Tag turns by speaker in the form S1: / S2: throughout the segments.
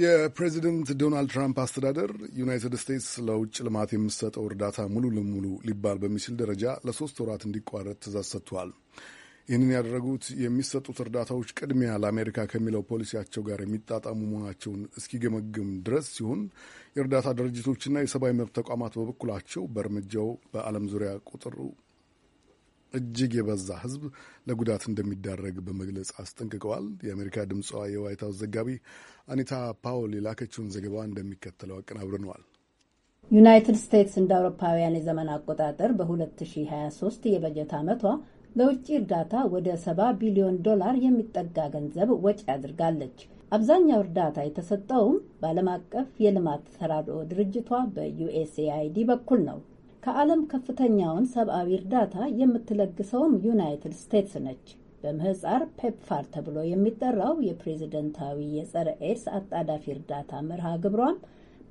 S1: የፕሬዚደንት ዶናልድ ትራምፕ አስተዳደር ዩናይትድ ስቴትስ ለውጭ ልማት የምትሰጠው እርዳታ ሙሉ ለሙሉ ሊባል በሚችል ደረጃ ለሶስት ወራት እንዲቋረጥ ትእዛዝ ሰጥቷል። ይህንን ያደረጉት የሚሰጡት እርዳታዎች ቅድሚያ ለአሜሪካ ከሚለው ፖሊሲያቸው ጋር የሚጣጣሙ መሆናቸውን እስኪገመግም ድረስ ሲሆን የእርዳታ ድርጅቶችና የሰብአዊ መብት ተቋማት በበኩላቸው በእርምጃው በዓለም ዙሪያ ቁጥሩ እጅግ የበዛ ህዝብ ለጉዳት እንደሚዳረግ በመግለጽ አስጠንቅቀዋል። የአሜሪካ ድምፅዋ የዋይት ሀውስ ዘጋቢ አኒታ ፓውል የላከችውን ዘገባ እንደሚከተለው አቀናብረነዋል።
S2: ዩናይትድ ስቴትስ እንደ አውሮፓውያን የዘመን አቆጣጠር በ2023 የበጀት ዓመቷ ለውጭ እርዳታ ወደ 70 ቢሊዮን ዶላር የሚጠጋ ገንዘብ ወጪ አድርጋለች። አብዛኛው እርዳታ የተሰጠውም በዓለም አቀፍ የልማት ተራድኦ ድርጅቷ በዩኤስኤአይዲ በኩል ነው። ከዓለም ከፍተኛውን ሰብአዊ እርዳታ የምትለግሰውም ዩናይትድ ስቴትስ ነች። በምህጻር ፔፕፋር ተብሎ የሚጠራው የፕሬዝደንታዊ የጸረ ኤድስ አጣዳፊ እርዳታ መርሃ ግብሯም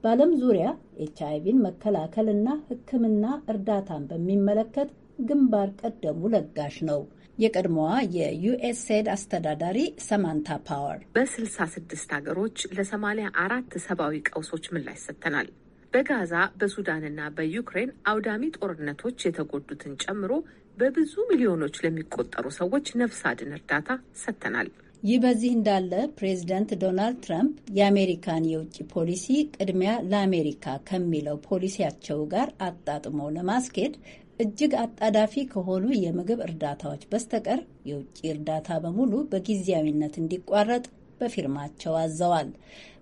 S2: በዓለም ዙሪያ ኤች አይቪን መከላከልና ሕክምና እርዳታን በሚመለከት ግንባር ቀደሙ ለጋሽ ነው።
S1: የቀድሞዋ የዩኤስኤድ አስተዳዳሪ ሰማንታ ፓወር በ66 ሀገሮች ለ84 ሰብአዊ ቀውሶች ምላሽ ሰጥተናል። በጋዛ በሱዳንና በዩክሬን አውዳሚ ጦርነቶች የተጎዱትን ጨምሮ በብዙ ሚሊዮኖች ለሚቆጠሩ ሰዎች ነፍስ አድን እርዳታ ሰጥተናል።
S2: ይህ በዚህ እንዳለ ፕሬዚደንት ዶናልድ ትራምፕ የአሜሪካን የውጭ ፖሊሲ ቅድሚያ ለአሜሪካ ከሚለው ፖሊሲያቸው ጋር አጣጥሞ ለማስኬድ እጅግ አጣዳፊ ከሆኑ የምግብ እርዳታዎች በስተቀር የውጭ እርዳታ በሙሉ በጊዜያዊነት እንዲቋረጥ በፊርማቸው አዘዋል።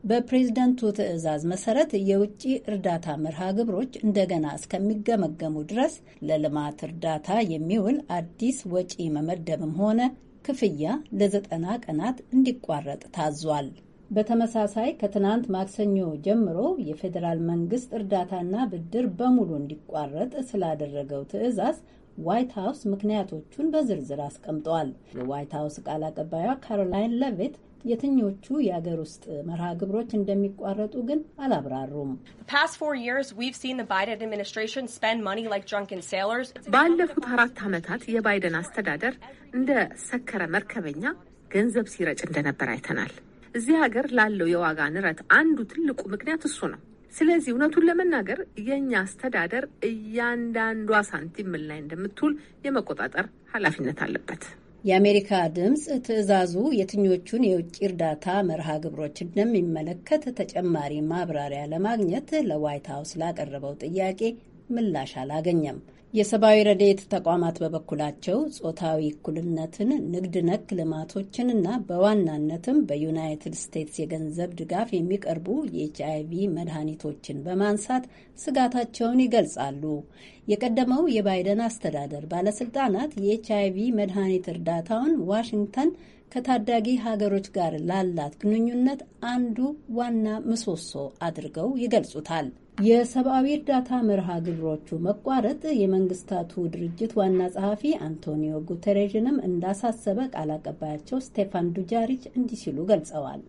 S2: በፕሬዝደንቱ ትዕዛዝ መሰረት የውጭ እርዳታ መርሃ ግብሮች እንደገና እስከሚገመገሙ ድረስ ለልማት እርዳታ የሚውል አዲስ ወጪ መመደብም ሆነ ክፍያ ለዘጠና ቀናት እንዲቋረጥ ታዟል። በተመሳሳይ ከትናንት ማክሰኞ ጀምሮ የፌዴራል መንግስት እርዳታና ብድር በሙሉ እንዲቋረጥ ስላደረገው ትዕዛዝ ዋይት ሀውስ ምክንያቶቹን በዝርዝር አስቀምጧል። የዋይት ሀውስ ቃል አቀባዩ ካሮላይን ለቬት የትኞቹ የአገር ውስጥ መርሃ ግብሮች እንደሚቋረጡ ግን አላብራሩም።
S1: ባለፉት አራት ዓመታት የባይደን አስተዳደር እንደ ሰከረ መርከበኛ ገንዘብ ሲረጭ እንደነበር አይተናል። እዚህ ሀገር ላለው የዋጋ ንረት አንዱ ትልቁ ምክንያት እሱ ነው። ስለዚህ እውነቱን ለመናገር የእኛ አስተዳደር እያንዳንዷ ሳንቲም ምን ላይ እንደምትውል የመቆጣጠር ኃላፊነት አለበት።
S2: የአሜሪካ ድምፅ ትዕዛዙ የትኞቹን የውጭ እርዳታ መርሃ ግብሮች እንደሚመለከት ተጨማሪ ማብራሪያ ለማግኘት ለዋይት ሀውስ ላቀረበው ጥያቄ ምላሽ አላገኘም። የሰብአዊ ረድኤት ተቋማት በበኩላቸው ጾታዊ እኩልነትን፣ ንግድ ነክ ልማቶችንና በዋናነትም በዩናይትድ ስቴትስ የገንዘብ ድጋፍ የሚቀርቡ የኤች አይቪ መድኃኒቶችን በማንሳት ስጋታቸውን ይገልጻሉ። የቀደመው የባይደን አስተዳደር ባለስልጣናት የኤች አይቪ መድኃኒት እርዳታውን ዋሽንግተን ከታዳጊ ሀገሮች ጋር ላላት ግንኙነት አንዱ ዋና ምሰሶ አድርገው ይገልጹታል። የሰብአዊ እርዳታ መርሃ ግብሮቹ መቋረጥ የመንግስታቱ ድርጅት ዋና ጸሐፊ አንቶኒዮ ጉተሬዥንም እንዳሳሰበ ቃል አቀባያቸው ስቴፋን ዱጃሪች እንዲህ ሲሉ ገልጸዋል።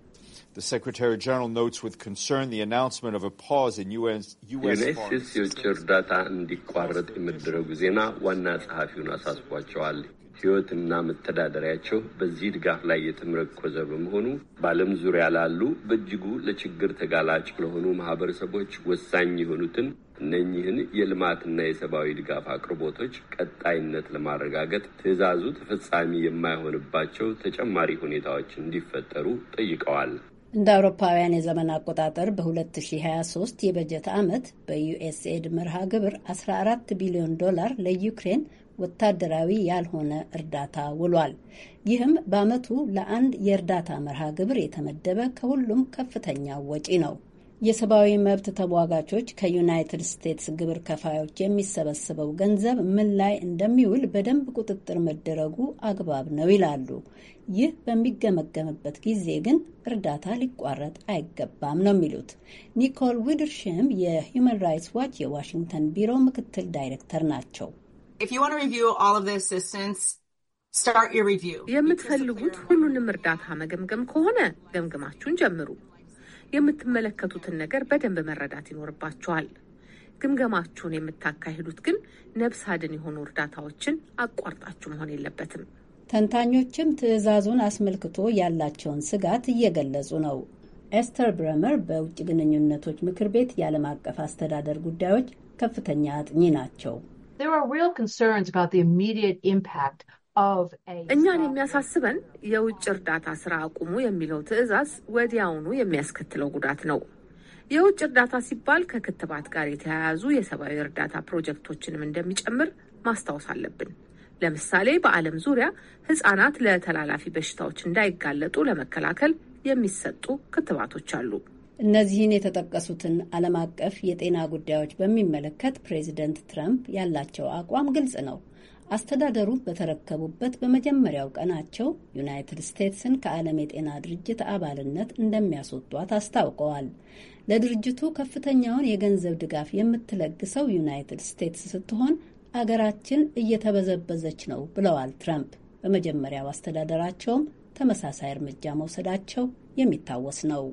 S1: የዩኤስኤስ የውጭ እርዳታ እንዲቋረጥ የመደረጉ ዜና ዋና ጸሐፊውን አሳስቧቸዋል። ሕይወትና
S2: መተዳደሪያቸው በዚህ ድጋፍ ላይ የተመረኮዘ በመሆኑ በዓለም ዙሪያ ላሉ በእጅጉ ለችግር ተጋላጭ ለሆኑ ማህበረሰቦች ወሳኝ የሆኑትን እነኚህን የልማትና የሰብአዊ ድጋፍ አቅርቦቶች ቀጣይነት ለማረጋገጥ ትዕዛዙ ተፈጻሚ
S1: የማይሆንባቸው ተጨማሪ ሁኔታዎች እንዲፈጠሩ ጠይቀዋል።
S2: እንደ አውሮፓውያን የዘመን አቆጣጠር በ2023 የበጀት ዓመት በዩኤስኤድ መርሃ ግብር 14 ቢሊዮን ዶላር ለዩክሬን ወታደራዊ ያልሆነ እርዳታ ውሏል። ይህም በዓመቱ ለአንድ የእርዳታ መርሃ ግብር የተመደበ ከሁሉም ከፍተኛ ወጪ ነው። የሰብአዊ መብት ተሟጋቾች ከዩናይትድ ስቴትስ ግብር ከፋዮች የሚሰበሰበው ገንዘብ ምን ላይ እንደሚውል በደንብ ቁጥጥር መደረጉ አግባብ ነው ይላሉ። ይህ በሚገመገምበት ጊዜ ግን እርዳታ ሊቋረጥ አይገባም ነው የሚሉት ኒኮል ዊድርሽም የሁማን ራይትስ ዋች የዋሽንግተን ቢሮ ምክትል ዳይሬክተር ናቸው።
S1: የምትፈልጉት ሁሉንም እርዳታ መገምገም ከሆነ ገምግማችሁን ጀምሩ። የምትመለከቱትን ነገር በደንብ መረዳት ይኖርባችኋል። ግምገማችሁን የምታካሂዱት ግን ነብስ አድን የሆኑ እርዳታዎችን አቋርጣችሁ መሆን የለበትም።
S2: ተንታኞችም ትዕዛዙን አስመልክቶ ያላቸውን ስጋት እየገለጹ ነው። ኤስተር ብረመር በውጭ ግንኙነቶች ምክር ቤት የዓለም አቀፍ አስተዳደር ጉዳዮች ከፍተኛ አጥኚ ናቸው።
S1: እኛን የሚያሳስበን የውጭ እርዳታ ስራ አቁሙ የሚለው ትዕዛዝ ወዲያውኑ የሚያስከትለው ጉዳት ነው። የውጭ እርዳታ ሲባል ከክትባት ጋር የተያያዙ የሰብአዊ እርዳታ ፕሮጀክቶችንም እንደሚጨምር ማስታወስ አለብን። ለምሳሌ በዓለም ዙሪያ ህጻናት ለተላላፊ በሽታዎች እንዳይጋለጡ ለመከላከል የሚሰጡ ክትባቶች
S2: አሉ። እነዚህን የተጠቀሱትን ዓለም አቀፍ የጤና ጉዳዮች በሚመለከት ፕሬዚደንት ትራምፕ ያላቸው አቋም ግልጽ ነው። አስተዳደሩ በተረከቡበት በመጀመሪያው ቀናቸው ዩናይትድ ስቴትስን ከዓለም የጤና ድርጅት አባልነት እንደሚያስወጧት አስታውቀዋል። ለድርጅቱ ከፍተኛውን የገንዘብ ድጋፍ የምትለግሰው ዩናይትድ ስቴትስ ስትሆን አገራችን እየተበዘበዘች ነው ብለዋል ትራምፕ። በመጀመሪያው አስተዳደራቸውም ተመሳሳይ እርምጃ መውሰዳቸው የሚታወስ ነው።